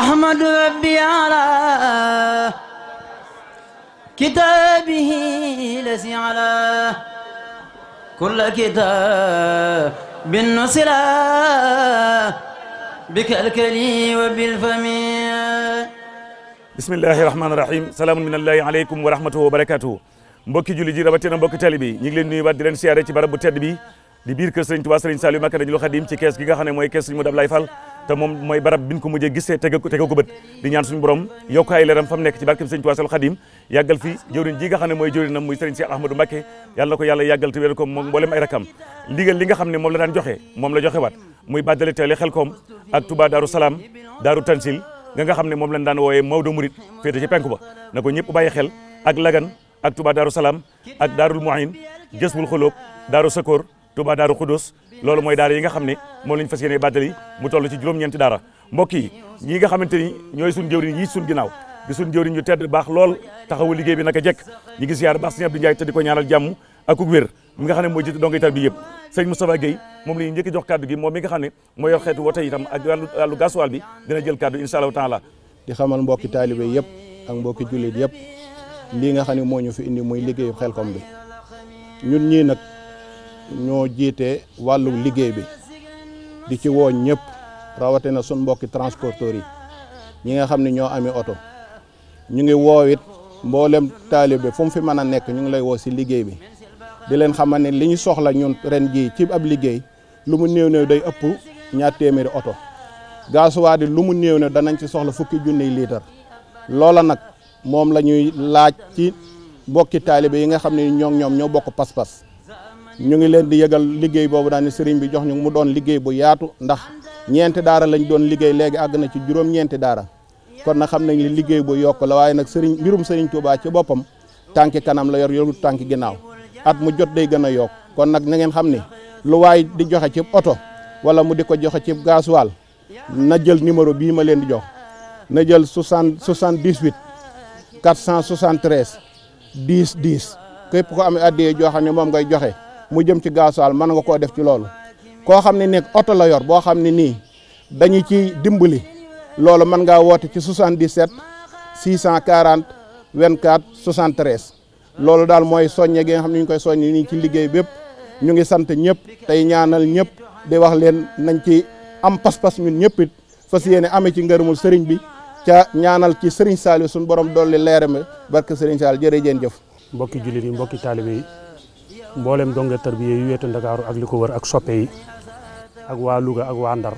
أحمد ربي على كتابه الذي على كل كتاب بالنسلة بك الكلي وبالفم بسم الله الرحمن الرحيم سلام من الله عليكم ورحمته وبركاته mbokki julli ji rawatina mbokki tali bi ñu ngi leen nuyu baat di leen siyaare ci barab bu tedd bi di biir kër Serigne Touba Serigne Saliou Mbacké Ndindoul Khadim ci kees gi nga xam ne mooy kees Serigne Modou Ablaye Fall te moom mooy barab biñ ko mujjee gisee tegal ko tegal ko bët di ñaan suñu borom yokk ay leeram fa nekk ci barkeb sëñ Tuubaa Xadim yàggal fi jëwriñ ji nga xam ne mooy jëwriñam muy sëriñ Cheikh Ahmadou Mbacké yàlla na ko yàlla yàggal te wér ko moom mboolem ay nga xam ne moom la daan joxe moom la joxe waat muy bàddale teele Xelkom ak Touba Daaru Salaam Daaru Tansil nga nga xam ne moom lañ daan wooyee Maodo Murit féete ci penku ba na ko ñëpp bàyyi xel ak Lagan ak Touba Daaru Salaam ak Daarul Muhin Jësbul Xoloob Daaru Sakoor tubaa Daaru Xudus loolu mooy daara yi nga xam ne moom la ñu fas yéene mu toll ci juróom-ñeenti daara mbokk yi ñi nga xamante ni ñooy suñ jëwriñ yi suñ ginnaaw di suñ jëwriñ ñu tedd baax lool taxawu liggéey bi naka jekk ñi ngi siyaar baax sëñ Abdou di ko ñaanal jàmm ak ku wér nga xam ne mooy jiite dongoy tar bi yëpp sëñ Moustapha Guèye moom la ñuy jox kaddu gi moom mi nga xam ne mooy yor xeetu wote itam ak wàllu wàllu gasoil bi dina jël kaddu insha allahu taala di xamal mbokki taalibe yëpp ak mbokki jullit yëpp lii nga xam ne moo ñu fi indi muy liggéeyu Xelcom bi ñun ñii nag ñoo jiite wàllu liggéey bi di ci woo ñëpp rawatina sun mbokki transporteurs yi ñi nga xam ne ñoo amee oto ñu ngi woo it mboolem taalibe fu mu fi mën a nekk ñu ngi lay woo si liggéey bi di leen xamal ne li ñu soxla ñun ren jii ci ab liggéey lu mu néew néew day ëpp ñaar téeméeri oto gaasuwaa di lu mu néew ne danañ ci soxla fukki junniy liitar loola nag moom la ñuy laaj ci mbokki taalibe yi nga xam ne ñoo ñoom ñoo bokk pas ñu ngi leen di yëgal liggéey boobu daan ni sëriñ bi jox ñu mu doon liggéey bu yaatu ndax ñeenti daara lañ doon liggéey léegi àgg na ci juróom-ñeenti daara kon na xam nañ li liggéey bu yokk la waaye nag sëriñ mbirum sëriñ Touba ci boppam tànki kanam la yor yorut tànki ginnaaw at mu jot day gën a yokk kon nag na ngeen xam ne lu waaye di joxe ci oto wala mu di ko joxe ci gaasuwaal na jël numéro bii ma leen di jox na jël 60 78 473 10 10 képp ko am addiyee joo xam ne moom ngay joxe mu jëm ci gasoil man nga koo def ci loolu koo xam ne nekk oto la boo xam ne nii dañu ci dimbali loolu mën ngaa woote ci 77 640 24 73 loolu daal mooy soññe gi nga xam ne ñu koy soññe nii ci liggéey bépp ñu ngi sant ñëpp tey ñaanal ñëpp di wax leen nañ ci am pas-pas ñun ñëpp it fas yéene amee ci ngërëmul sëriñ bi ca ñaanal ci sëriñ Saliou suñu borom dolli leerame barke sëriñ Saliou jërëjëf. mbokki jullit yi mbokki taalibe yi mbooleem donga tarbiya yu wetu ndakaaru ak li ko wër ak soppe yi ak waa Louga ak waa Ndar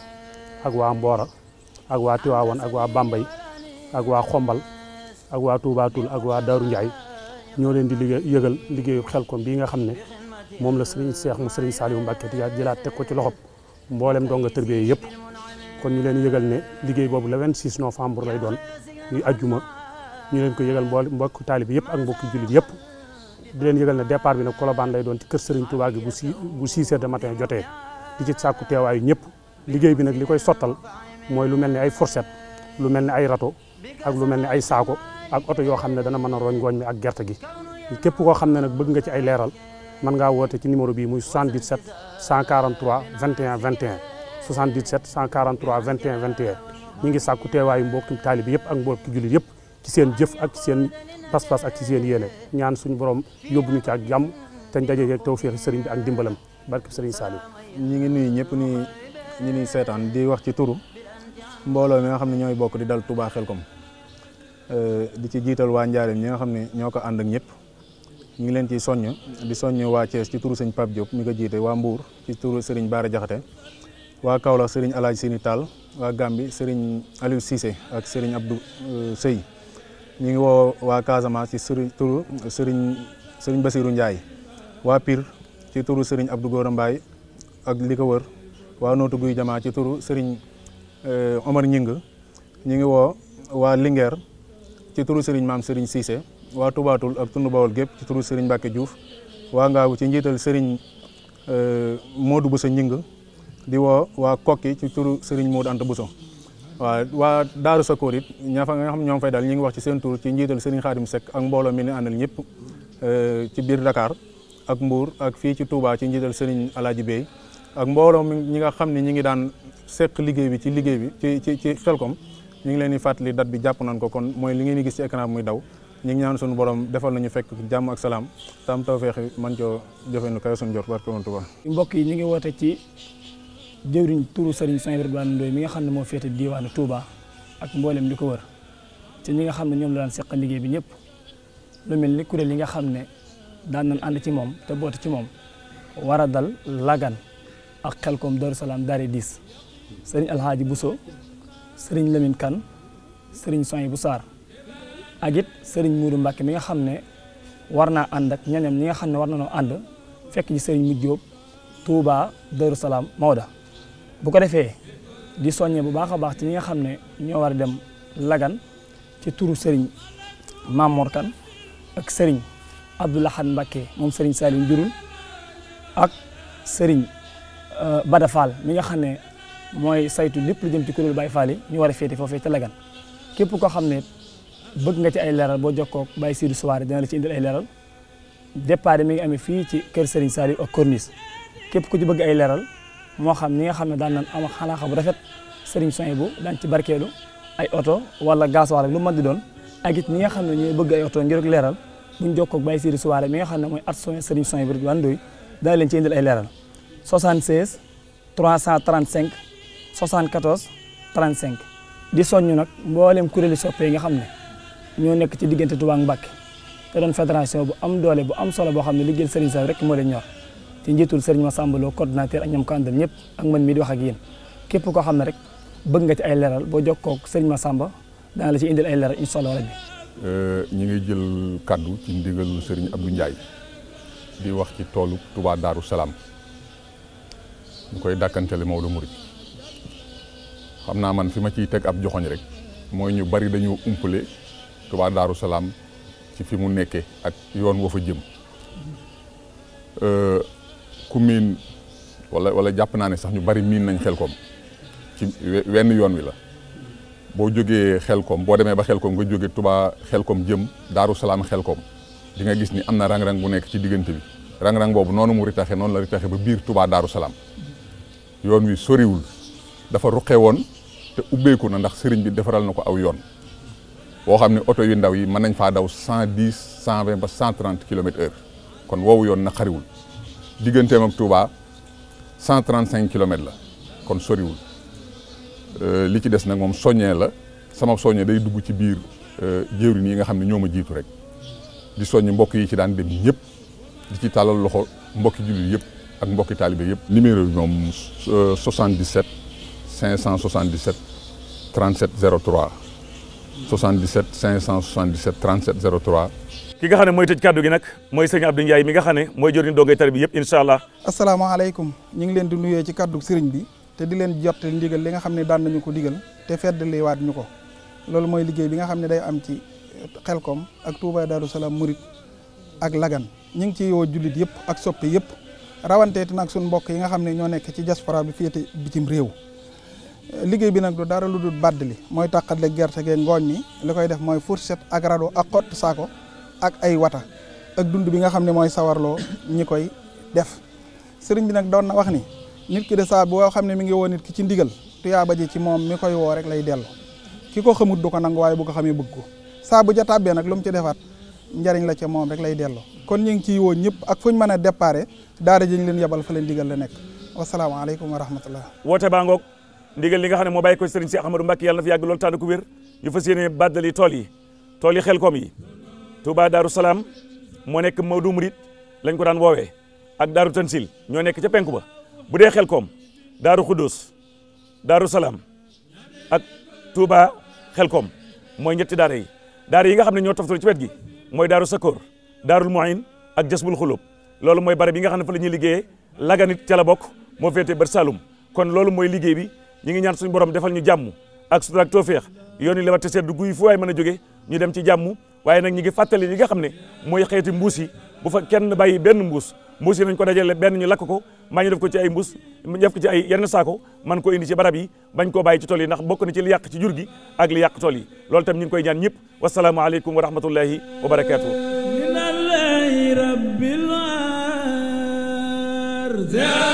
ak waa Mboora ak waa Tiwaawan ak waa Bambey ak waa Xombal ak waa Touba Toul ak waa Daaru Ndiaye ñoo leen di liggéey yëgal liggéeyu Xelcom bii nga xam ne moom la Serigne Cheikh mu yu Saliou Mbacké yaa jëlaat teg ko ci loxob mboolem donga tarbiya yëpp kon ñu leen yëgal ne liggéey boobu le 26 novembre lay doon ñuy ajjuma ñu leen ko yëgal mbool mbokk taalib yëpp ak mbokki jullit yëpp di leen yëgal ne départ bi nag Colobane lay doon ci kër Serigne Touba gi de matin jotee di ci sàkku teewaayu ñëpp liggéey bi nag li koy sottal mooy lu mel ni ay fourchette lu mel ni ay rato ak lu mel ni ay saako ak oto yoo xam ne dana mën a roñ ngooñ mi ak gerte gi képp koo xam ne nag bëgg nga ci ay leeral mën ngaa woote ci numéro bii muy 77 143 21 21 77 143 21 21 ñi ngi sàkku teewaayu mbokki taalibi yëpp ak mbokki jullit yëpp ci seen jëf ak ci seen pas-pas ak ci seen yéene ñaan suñu borom yóbbu ñu ci ak jàmm te ñu dajee ak tawféexi sëriñ bi ak dimbalam barke sëriñ saali ñu ngi nuyu ñëpp ni ñu ni seetaan di wax ci turu mbooloo mi nga xam ne ñooy bokk di dal Touba Xelkom euh, di ci jiital waa Njaareem ñi nga xam ne ñoo ko ànd ak ñëpp. ñu ngi leen ci soññ di soññ waa Thiès ci turu sëñ Pape Diop mi ko jiite waa mbuur ci turu Serigne Bara Diakhaté waa Kaolack sëriñ El Hadj Sini Tall waa Gambi Serigne Aliou Cissé ak Serigne Abdou euh, Seye ñu ngi woo waa Casamance ci sëriñ turu sëriñ sëriñ Basirou Ndiaye waa piir ci turu sëriñ ab Gora ak li ko wër waa nootu guy jamaa ci turu sëriñ eh, Omar Ñing ñu ngi woo waa Linguère ci turu sëriñ maam sëriñ Cissé waa Tubaatul ak tund Bawol gépp ci turu sëriñ Mbacke Diouf waa ngaaw ci njiital sëriñ eh, Modou Bousso Ñing di woo waa Kokki ci turu sëriñ Modou Anta Bousso waa Daaru Sakoor it ñaa fa nga xam ñoom fay daal ñu ngi wax ci seen tur ci njiital Serigne Khadim Seck ak mbooloo euh, biir Dakar ak Mbour ak fii ci Touba ci njiital Serigne Alaaji Bey ak mbooloo mi ñi nga xam ne ñi ngi daan seq liggéey bi ci liggéey bi ci ci ci xelkom ñu ngi leen di fàttali date bi jàpp nañ ko kon mooy li ngeen di gis ci écran muy daw ñu ngi ñaan suñu borom defal ñu fekk jàmm ak salaam tam tawfeex man coo jëfenu kay suñu jot barke woon Touba mbokk yi ñu ngi woote ci jëwriñ turu sëriñ Sëñ Ibrahima Ndoye mi nga xam ne moo féete diwaanu Touba ak mboolem di ko wër ci ñi nga xam ne ñoom la daan seq liggéey bi ñëpp lu mel ni kuréel yi nga xam ne daan ànd ci moom te boot ci moom war a dal lagan ak xelkom Darou Salaam Daaree Diis sëriñ Alhaaji Bousso sëriñ Lamine Kane sëriñ Soñ bu Saar ak it sëriñ Mourou Mbacke mi nga xam ne war naa ànd ak ñañam ñi nga xam ne war na noo ànd fekk ji sëriñ Mujj Jóob Touba Darou Salaam Maoda. bu ko defee di soññe bu baax a baax ci ñi nga xam ne ñoo war a dem Lagan ci turu sëriñ Mamor Kan ak sëriñ Abdou Lahad Mbacké moom sëriñ Saliou Njurul ak sëriñ euh, Bada Fall mi nga xam ne mooy saytu lépp lu jëm ci kuréel Baye Fall ñu war a féete foofee ca Lagan képp koo xam ne bëgg nga ci ay leeral boo jokkoo Baye Sidou Souare dina la ci indil ay leeral départ mi ngi amee fii ci kër Serigne Saliou ak Corniche képp ku ci bëgg ay leeral moo xam ni nga xam ne daan nañ am xalaaxa bu rafet sëriñ soñ bu daan ci barkeelu ay oto wala gasoil ak lu mën di doon ak it ñi nga xam ne ñooy bëgg ay oto ngir ak leeral buñ jokkoo ak Baye Sidi Souare mi nga xam ne mooy at soñ sëriñ soñ bu rek wan doy daal leen ci indil ay leeral 76 335 74 35 di soññu nag mboolem kuréelu soppe yi nga xam ne ñoo nekk ci diggante Touba ak Mbacké te doon fédération bu am doole bu am solo boo xam ne liggéeyal sëriñ sa rek moo leen ñor ci njiitul sëriñ Massamba Lo coordinateur ak ñam ko àndal ñëpp ak man mii di wax ak yéen képp koo xam ne rek bëgg nga ci ay leral boo jokkoo ak sëriñ sàmba dana la ci indil ay leeral incha allah rabbi euh, ñi ngi jël kàddu ci ndigalu sëriñ Abdou Ndiaye di wax ci toolu tubaa daaru Salaam ñu koy dàkkantele Maodo Mouride xam naa man fi ma ciy teg ab joxoñ rek mooy ñu bari dañoo umpale Touba Darou Salaam ci fi mu nekkee ak yoon woo fa jëm euh, ku miin wala wala jàpp naa ne sax ñu bari miin nañ xelkom ci wenn yoon wi la boo jógee xel xelkom boo demee ba xel xelkom nga jóge tubaa xel xelkom jëm daaru xel xelkom di nga gis ni am na rang bu nekk ci diggante bi rang boobu noonu mu ritaxe noonu la ritaxe ba biir tubaa daaru salaam yoon wi soriwul dafa ruqe woon te ubbeeku na ndax sëriñ bi defaral na ko aw yoon boo xam ne oto yu ndaw yi mën nañ faa daw cent dix cent vingt ba cent trente kon woowu yoon na xariwul digganteem ak Touba cent trente cinq kilomètres la kon soriwul euh, li ci des nag moom soñee la sama soññee day dugg ci biir euh, jëwriñ yi nga xam ne ñoo ma jiitu rek di soñ mbokk yi ci daan dem ñëpp di ci tàllal loxo mbokki jullit yëpp ak mbokki taalibe yëpp. numéro bi moom 77 577 37 03. 77 577 37 03. ki ga xam ne mooy tëj kàddu gi nag mooy sëriñ Abdou Ndiaye mi nga xam ne mooy jëriñ dongay tari bi yëpp incha allah. asalaamaaleykum ñu ngi leen di nuyee ci kàddu sëriñ bi te di leen jottali ndigal li nga xam ne daan nañu ko digal te feddaliwaat ñu ko loolu mooy liggéey bi nga xam ne day am ci xel kom ak Touba Darou Salaam Murit ak Lagan ñu ngi ci woo jullit yëpp ak soppe yëpp rawanteeti nag suñu mbokk yi nga xam ne ñoo nekk ci diaspora bi féete bitim réew. liggéey bi nag du dara lu dul baddali mooy tàqatle gerte gee ngooñ mi li koy def mooy fourchette ak rado ak xott saako ak ay wata ak dund bi nga xam ne mooy sawarloo ñi koy def sëriñ bi nag doon na wax ni nit ki de saa boo xam ne mu ngi woo nit ki ci ndigal tuyaaba ji ci moom mi koy woo rek lay dellu ki ko xamut du ko nangu waaye bu ko xamee bëgg ko saa bu ja tàbbee nag lu mu ci defaat njariñ la ca moom rek lay dellu kon ñu ngi ciy woo ñëpp ak fu ñu mën a déparé daara ji leen yebal fa leen digal la nekk wasalaamaaleykum wa rahmatullah woote baa ngoog ndigal li nga xam ne moo bàyyi ko sëriñ si Ahmadou Mbacke yàlla na fi yàgg loolu tànn ku wér ñu fas yéene baddali tool yi tool yi Xelkom yi Touba Darou Salaam moo nekk Maodo Mouride lañ ko daan woowee ak Darou Tansil ñoo nekk ca penku ba bu dee Xelkom Darou Khoudoss Darou Salaam ak Touba Xelkom mooy ñetti daara yi daara yi ne ñoo toftal ci wet gi mooy Darou Sakor Darou Mouhine ak Jasbul Xulub loolu mooy barab bi nga xam ne fa la ñuy liggéeyee Laganit ca la bokk moo féetee Bër Saloum kon loolu mooy liggéey bi ñi ngi ñaan suñu borom defal ñu jàmm ak sutura ak tawfeex yoon yi lewate seddu guy fu waay mën joge jóge ñu dem ci jàmm waaye nag ñi ngi fàttali li nga xam ne mooy xeeti mbuus yi bu fa kenn bàyyi benn mbuus mbuus yi nañ ko dajale benn ñu lakk ko maa ñu def ko ci ay mbuus def ko ci ay yenn saako man ko indi ci barab yi bañ koo bàyyi ci tool yi ndax bokk na ci li yàq ci jur gi ak li yàq tool yi loolu tam ñu ngi koy ñaan ñëpp wasalaamu aleykum wa rahmatullahi wa barakatuh